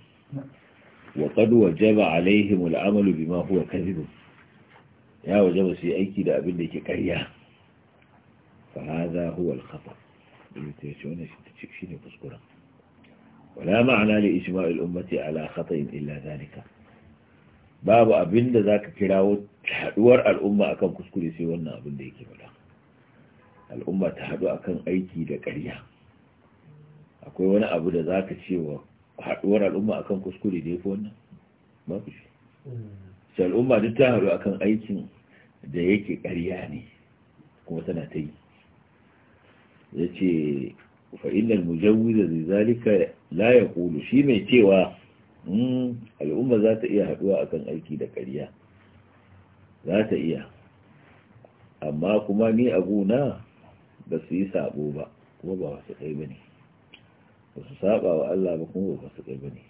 وقد وجب عليهم العمل بما هو كذب يا وجب سي ايتي لأبن لك كريا فهذا هو الخطأ بمتشون شكشين بذكرة ولا معنى لإجماع الأمة على خطأ إلا ذلك باب أبن ذاك كراو تحدور الأمة أكم كسكولي سيوانا أبن لك ولا الأمة تحدو أكم ايتي لكريا akwai wani abu da zaka ka ce wa haɗuwar al'umma akan kuskure da ya fi wannan ba shi al'umma duk ta haɗu akan aikin da yake ƙarya ne kuma tana ta yi ya ce fa'inar mujawi da zalika la ya shi mai cewa hmm, al'umma za ta iya haɗuwa akan aiki da ƙarya za ta iya amma kuma ni abuna ba su yi sabo ba kuma ba wasu ɗai ba ne ba su saba wa Allah ba kuma ba su kai bane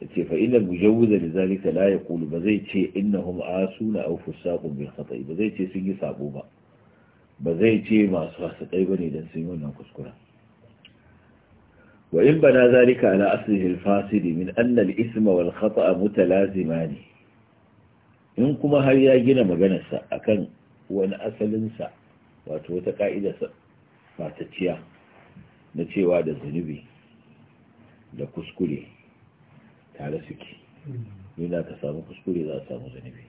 yace fa inna mujawwiza lidhalika la yaqulu ba zai ce innahum asuna aw saƙon bil khata'i ba zai ce sun yi sabo ba ba zai ce masu ba ne don sun yi wannan kuskura wa in bana zalika ala aslihi al-fasid min anna al-ithma wal khata'a mutalazimani in kuma har ya gina maganarsa akan wani asalinsa wato wata ka'idarsa fatacciya na cewa da zunubi da kuskure tare suke yana ka samu kuskure za a samu zunubi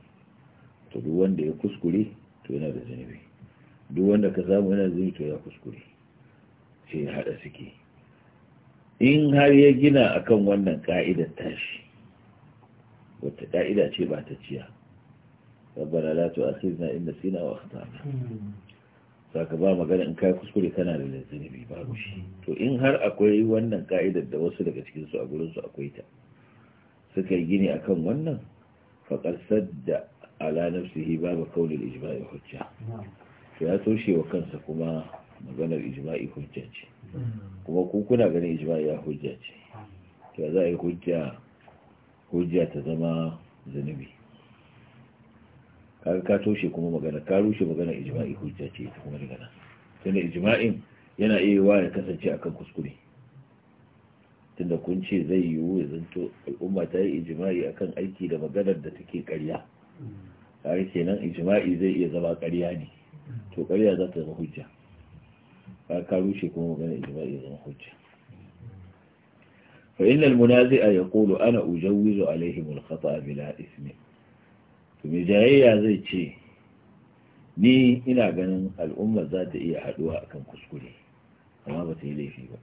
to duk wanda ya kuskure to yana da zunubi duk wanda ka samu yana da zunubi to ya kuskure sai ya haɗa suke in har ya gina akan wannan ka'idar tashi wata ka'ida ce ba ta ciya rabbana la tu'akhidna in nasina wa akhtana saka ba magana in kai kuskure kana da zunubi babu shi to in har akwai wannan ka'idar da wasu daga cikin su a gurin su akwai ta suka yi gini akan wannan faqad sadda ala nafsihi babu qawli al-ijma'i hujja to ya toshe wa kansa kuma maganar ijma'i hujja ce kuma ku kuna ganin ijma'i ya hujja ce to za a yi hujja hujja ta zama zunubi kaga ka toshe kuma magana ka rushe magana ijma'i hujja ce ta kuma daga tunda ijma'in yana iya wa ya kasance akan kuskure tunda kun ce zai yiwu ya zanto al'umma ta yi ijma'i akan aiki da maganar da take karya kaga kenan ijma'i zai iya zama ƙarya ne to ƙarya za ta zama hujja ka rushe kuma magana ijma'i zama hujja فإن المنازع يقول أنا أجوز عليهم الخطأ بلا ismin. to mai jayayya zai ce ni ina ganin al'ummar za ta iya haɗuwa akan kuskure amma ba ta yi laifi ba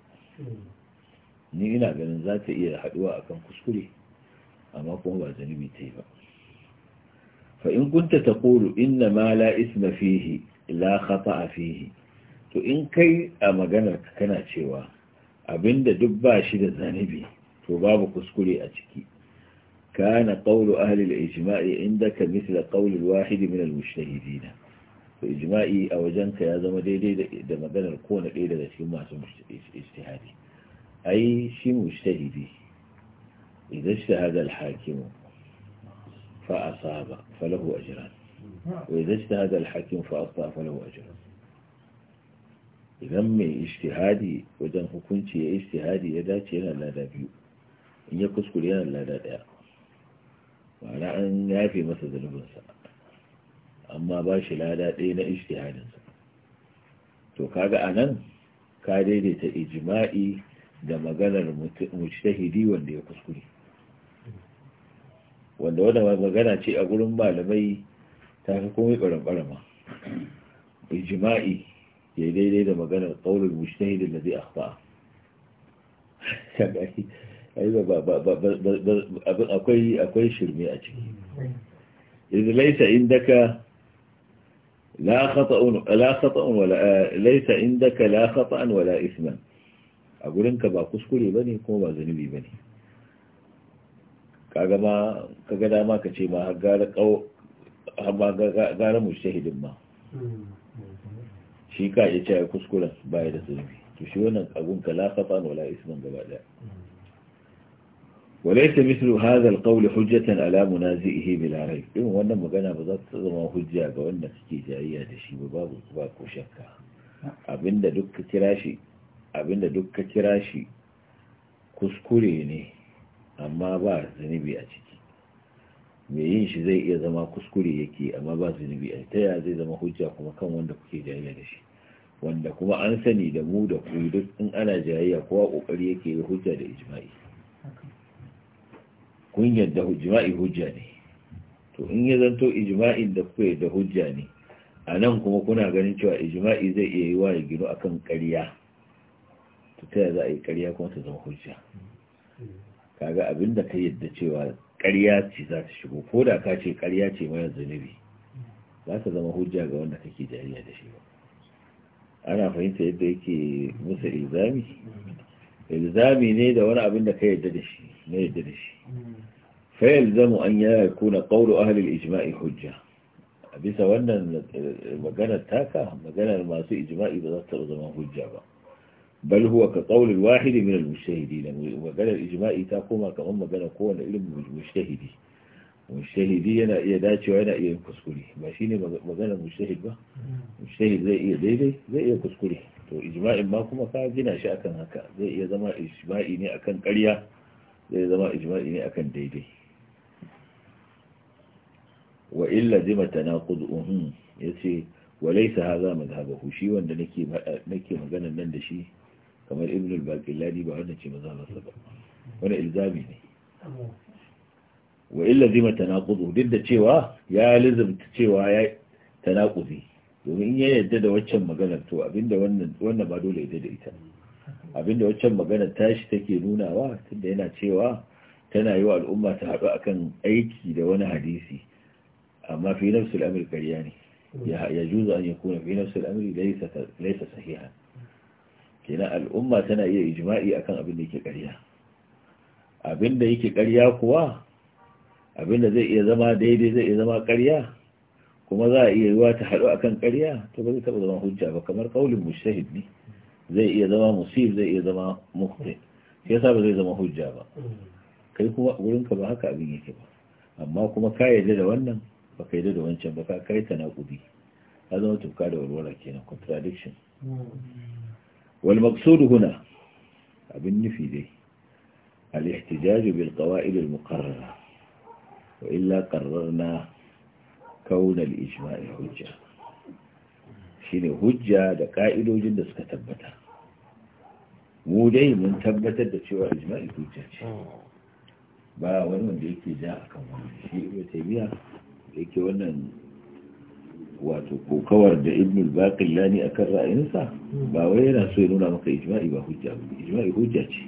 ni ina ganin za ta iya haɗuwa akan kuskure amma kuma ba zanibi ta yi ba fa in kunta taqulu ina ma la isma fihi la a fihi to in kai a maganar kana cewa abinda duk ba shi da zanubi to babu kuskure a ciki كان قول أهل الإجماع عندك مثل قول الواحد من المجتهدين فإجماعي أوجنك يا زم ديدي دم بين الكون ديدي التي شيء ما اجتهادي أي شيء مجتهدي إذا اجتهد الحاكم فأصاب فله أجران وإذا اجتهد الحاكم فأخطأ فله أجران إذا اجتهادي ishtihadi wajen اجتهادي ya ishtihadi أنا لا yana lada biyu in ya ma'ana an yafe masa zunubinsa amma ba shi lada ɗaya na ijtihadinsa to kaga a nan ka daidaita ijma'i da maganar mujtahidi wanda ya kuskure wanda wanda magana ce a gurin malamai ta fi komai ɓaran-ɓarama ijma'i ya daidai da maganar ƙaunar mujtahidin da zai akhta'a akwai shirme a ciki idan laisa indaka la khata'un la khata'un wala eh, laisa indaka la khata'an wala isman a gurinka ba kuskure bane ko ba zanubi bane kaga ma kaga dama ka ce ma har gara kau har ma gara mushahidin ma shi ka yi kuskuren baya da zanubi to shi wannan abun ka la khata'an wala isman gaba daya وليس مثل هذا القول حجة على منازئه بلا ريب إذن وانا مغانا بذات تظما حجة وانا سكي جائية تشي بباب باكو وشكا أبند دك تراشي أبند دك تراشي كسكريني أما بعض زنبي أتشي me yin shi zai iya zama kuskure yake amma ba zunubi a ta zai zama hujja kuma kan wanda kuke jayayya da shi wanda kuma an sani da mu da ku duk in ana jayayya kowa kokari yake yi hujja da ijma'i kun yadda jima'i hujja ne to in ya zanto ijma'i da kuka yadda hujja ne a nan kuma kuna ganin cewa ijma'i zai iya yi wa ya gino akan ƙarya to ta za a yi ƙarya kuma ta zama hujja kaga abin da ka yadda cewa ƙarya ce za ta shigo ko da ka ce ƙarya ce mara zunubi za ta zama hujja ga wanda kake jariya da shi ba ana fahimta yadda yake musa ilzami ilzami ne da wani abin da ka yadda da shi ما يدريش فيلزم أن يكون قول أهل الإجماع حجة بس وانا مجانا التاكا مجانا الماسي إجمائي بذات رضما حجة بل هو كقول الواحد من المجتهدين مجانا الإجماع تاكوما كمان مجانا قوان إلم المجتهدي مجتهدينا إيا داتي وانا إيا كسكولي ماشيني مجانا المجتهد با مجتهد زي إيا ديلي زي إيا كسكولي تو إجمائي ما كوما كا دينا شاكا هكا زي إيا زما إجمائي نيا كان zai zama ijma'i ne akan daidai wa illa zima tanaqud uhum yace walaysa hadha madhhabuhu shi wanda nake nake magana nan da shi kamar ibnul al-baqillani ba wanda ce mazhabarsa ba wani ilzami ne wa illa na tanaqud duk da cewa ya lazimta cewa ya tanaquzi domin in yadda da waccan maganar to abinda wannan wannan ba dole ya da ita abinda waccan magana tashi take nunawa tunda yana cewa tana yi wa al'umma ta haɗu akan aiki da wani hadisi amma fi nafsul amir ƙarya ne ya juzo an kuna fi nafsul amri laisa sahiha kenan al'umma tana iya ijma'i akan abin da yake ƙarya abin da yake ƙarya kuwa abin da zai iya zama daidai zai iya zama ƙarya kuma za a iya yi wa ta haɗu akan ƙarya to ba zai taɓa zama hujja ba kamar kaulin mushahid ne zai iya zama musib zai iya zama mukhti shi yasa ba zai zama hujja ba kai kuma gurin ka ba haka abin yake ba amma kuma ka yarda da wannan ba ka yadda da wancan ba ka kai ta na naqubi ka zama tuka da walwala kenan contradiction wal maqsud huna abin nufi dai الاحتجاج بالقواعد illa وإلا قررنا كون الإجماع Hujja. shine hujja da ka'idojin da suka tabbata mu dai mun tabbatar da cewa ijma'i hujja ce ba wani wanda yake ja akan wani shi ibnu taymiya yake wannan wato kokawar da ibnu al-baqillani akan ra'ayinsa ba wai yana so ya nuna maka ijma'i ba hujja ba ijma'i hujja ce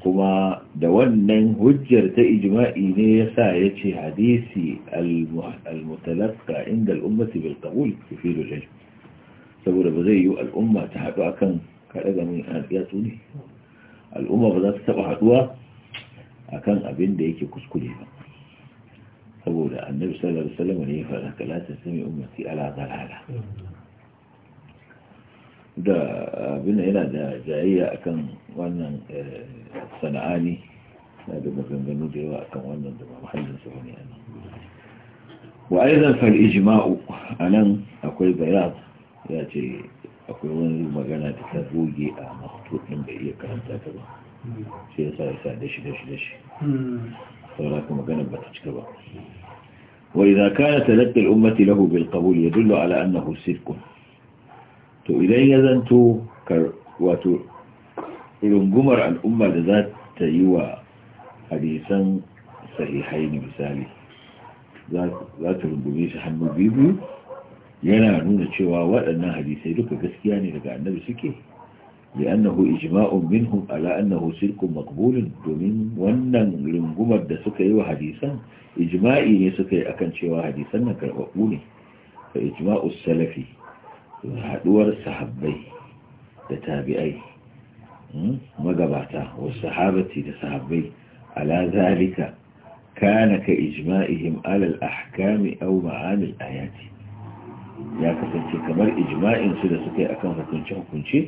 kuma da wannan hujjar ta ijma'i ne yasa ce hadisi al-mutalaqqa inda al-ummati bil qawl yufidu al-hujja saboda ba zai yi al'umma ta haɗu akan kaɗa ga mun yatsu ne al'umma ba za ta taɓa haɗuwa akan abin da yake kuskure ba saboda annabi sallallahu alaihi wasallam ne ya faɗa kala sami ummati ala dalala da abin da yana da jayayya akan wannan sana'ani na da maganganu da yawa akan wannan da mahallin su ne anan wa aidan fal ijma'u anan akwai bayat ya ce akwai wani magana da ta goge a maktubin bai iya karanta ta ba sai ya sa ya sa dashi dashi dashi saura ka magana ba ta cika ba وإذا كان تلقي الأمة له بالقبول يدل على أنه صدق to idan ya zanto wato rungumar al'umma da za ta yi wa hadisan sahihai misali za ta rungume shi hannu biyu yana nuna cewa waɗannan hadisai duka gaskiya ne daga annabi suke لأنه إجماع منهم على أنه سلك مقبول دومين wannan rungumar da suka yi wa hadisan ijma'i ne suka yi akan cewa hadisan nan karbabu ne fa ijma'u salafi haduwar sahabbai da tabi'ai magabata wa sahabati da sahabbai ala zalika kana ka ijma'ihim ala al-ahkami aw ma'ani al-ayati ya kasance kamar ijma'in su da suka yi akan hukunce hukunce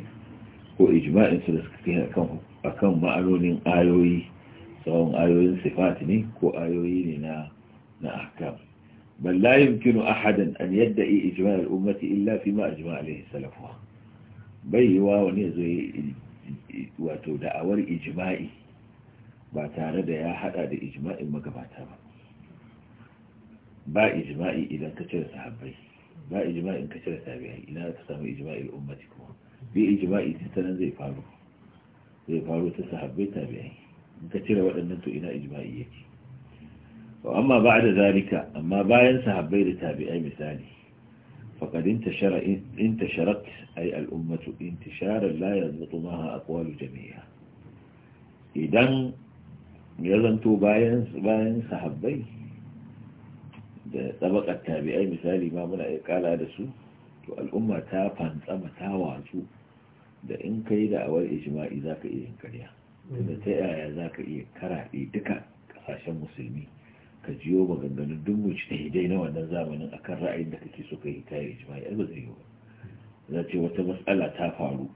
ko ijma'in su da suka yi akan akan ma'anonin ayoyi tsawon ayoyin sifat ne ko ayoyi ne na na ahkam bal la yumkinu ahadan an yadda'i ijma' al-ummati illa fi ma ajma' alayhi salafu. bai yi wa wani zo wato da'awar ijma'i ba tare da ya hada da ijma'in magabata ba ba ijma'i idan ka cire sahabbai ما إجماع كثير تابعي لا تسمى إجماع الأمة كمان في إجماع زي فارو زي فارو تسحب تابعي كثير وقت أنتوا إلى إجماعية وأما بعد ذلك أما بعد سحب بين تابعي مثالي فقد انتشر انتشرت أي الأمة انتشارا لا يضبط معها أقوال جميعا إذا يزن تو باين باين سحب da tsabakar tabi'ai misali ma muna iya kala da su to al'umma ta fantsama ta watsu da in ka yi da'awar ijima'i za ka iya yin karya tunda ta yaya za ka iya karaɗe duka ƙasashen musulmi ka jiyo maganganun duk mujtahidai na wannan zamanin a kan ra'ayin da kake so ka yi ta ijima'i ai ba zai yi ba za ce wata matsala ta faru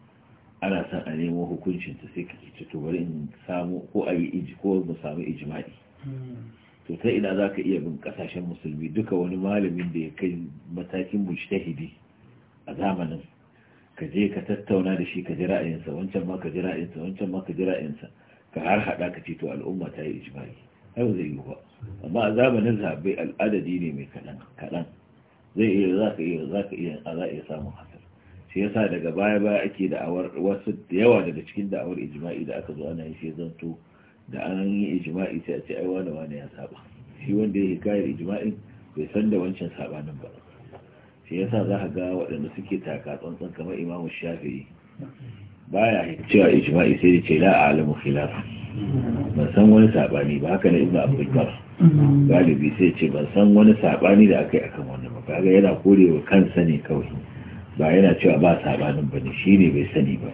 ana son a nemo ta sai ka ce to bari in samu ko a yi ko mu samu ijima'i hmm. to ta ina za ka iya bin kasashen musulmi duka wani malamin da ya kai matakin mujtahidi a zamanin ka je ka tattauna da shi ka ji ra'ayinsa wancan ma ka ji ra'ayinsa wancan ma ka ji ra'ayinsa ka har hada ka ce to al'umma ta yi ijma'i har zai yi ba amma a zamanin zabe al'adadi ne mai kadan kaɗan zai iya za ka iya za ka iya a za iya samun hasar shi yasa daga baya baya ake da awar wasu da yawa daga cikin da'awar ijma'i da aka zo ana yi shi zanto da an yi ijma'i sai a ce ai wani wani ya saba shi wanda ya hikayar ijima'in? bai san da wancan sabanin ba shi yasa za ka ga waɗanda suke taka tsantsan kamar imamu shafi'i baya cewa ijma'i sai da ce la alamu khilaf ban san wani sabani ba haka ne ibnu abdul galibi sai ce ban san wani sabani da akai akan wannan ba kaga yana korewa kansa ne kawai ba yana cewa ba sabanin bane ne bai sani ba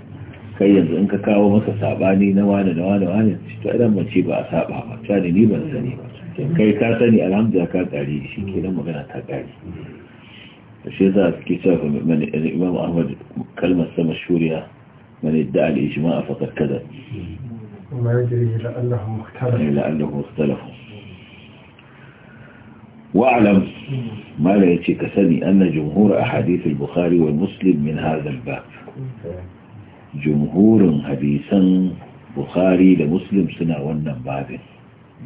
kai yanzu in ka kawo masa sabani na wani na wani wani to idan ban ce ba a saba ba ta ni ban sani ba kai ka sani alhamdulillah ka kare shi kenan magana ta kare to shi za su ke cewa man imam ahmad kalmar sa mashuriya man da al ijma'a fa faqad kada ma yajri ila allahu mukhtalafu ila allahu mukhtalafu واعلم ما لا يتي كسني أن جمهور أحاديث البخاري والمسلم من هذا الباب جمهور حديثا بخاري لمسلم سنة ون باب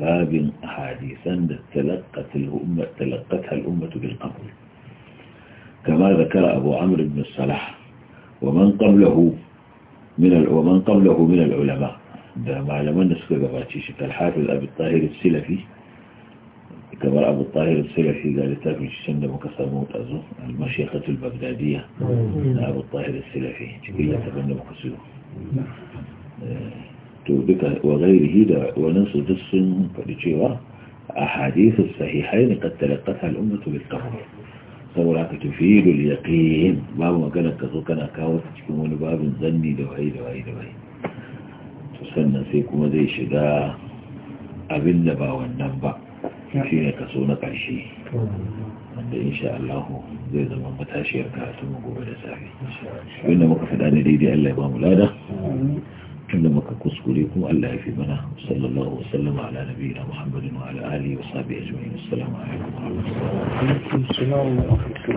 باب حديثا تلقت الأمة تلقتها الأمة بالقبول كما ذكر أبو عمرو بن الصلاح ومن قبله من ومن قبله من العلماء ده معلم الناس كذا الحافظ أبي الطاهر السلفي كما رأى أبو الطاهر السلفي ذلك في الشندة مكسر موت أزو المشيخة البغدادية أبو الطاهر السلفي جبيلة تبنى مكسر آه، توبك وغيره ونص دس فلتشيوه أحاديث الصحيحين قد تلقتها الأمة بالكفر سورة تفيد اليقين باب ما كان كذو كان كاوت تكون باب ظني دوهي دوهي دوهي تسنى سيكم ذي شداء أبن نبا والنبا shi ne kaso na ƙarshe wanda insha Allah zai zama matashiyar karatun mu gobe da safe wanda muka faɗa ne daidai Allah ya ba mu lada tunda muka kuskure kuma Allah ya fi mana sallallahu wa wasallam ala nabiyina Muhammadin wa ala wa sahbihi ajma'in assalamu alaikum wa